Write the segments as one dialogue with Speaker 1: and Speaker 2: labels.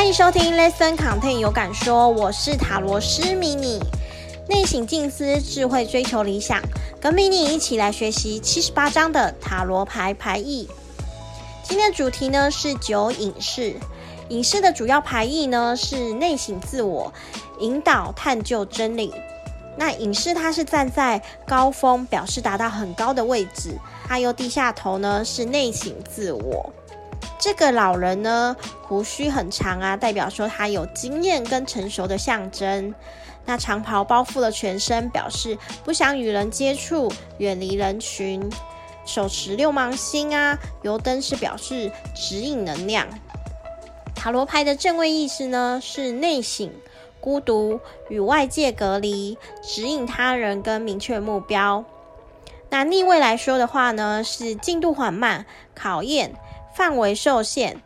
Speaker 1: 歡迎收聽 Lesson Content 有感說，我是塔羅師 Mini，內省靜思，智慧追求理想，跟 Mini 一起來學習七十八張的塔羅牌牌意。今天的主題呢是九隱士，隱士的主要牌意呢是內省自我，引導探究真理。那隱士它是站在高峰，表示達到很高的位置，它又低下頭呢，是內省自我。這個老人呢，鬍鬚很長啊，代表說他有經驗跟成熟的象徵。那長袍包覆了全身，表示不想與人接觸，遠離人群。手持六芒星啊，油燈是表示指引能量。塔羅牌的正位意思呢，是內省、孤獨與外界隔離，指引他人跟明確目標。那逆位來說的話呢，是進度緩慢，考驗範圍受限。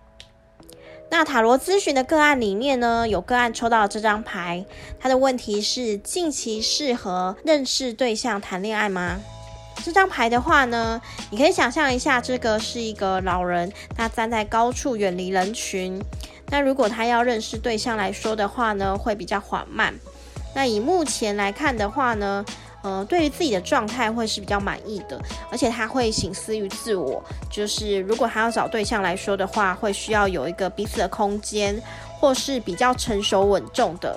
Speaker 1: 那塔羅諮詢的個案裡面呢，有個案抽到這張牌，他的問題是：近期適合認識對象談戀愛嗎？這張牌的話呢，你可以想象一下，這個是一個老人，他站在高處，遠離人群。那如果他要認識對象來說的話呢，會比較緩慢。那以目前來看的話呢，呃、嗯，對於自己的狀態會是比較滿意的，而且他會省思於自我。就是如果他要找對象來說的話，會需要有一個彼此的空間，或是比較成熟穩重的。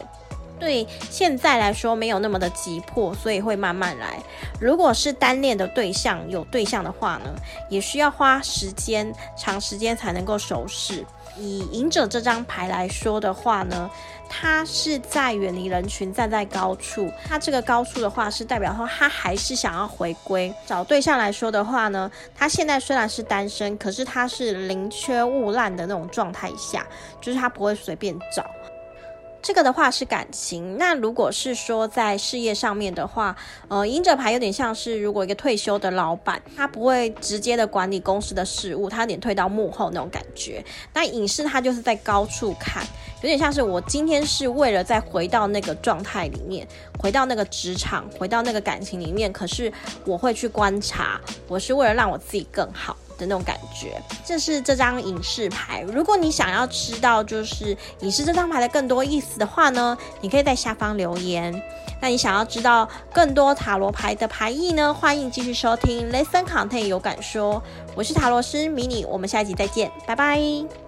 Speaker 1: 對現在來說沒有那麼的急迫，所以會慢慢來。如果是單戀的對象，有對象的話呢，也需要花時間，長時間才能夠熟識。以隱者這張牌來說的話呢，他是在遠離人群，站在高處。他這個高處的話，是代表說他還是想要回歸。找對象來說的話呢，他現在雖然是單身，可是他是寧缺毋濫的那種狀態下，就是他不會隨便找。這個的話是感情，那如果是說在事業上面的話，呃，隱者牌有點像是如果一個退休的老闆，他不會直接的管理公司的事務，他有點退到幕後那種感覺。那隱士他就是在高處看，有點像是我今天是為了再回到那個狀態裡面，回到那個職場，回到那個感情裡面，可是我會去觀察，我是為了讓我自己更好的那種感覺，這是這張隱士牌。如果你想要知道就是隱士這張牌的更多意思的話呢，你可以在下方留言。那你想要知道更多塔羅牌的牌意呢？歡迎繼續收聽《Listen Content 有感說》，我是塔羅師迷你，Mini, 我們下一集再見，拜拜。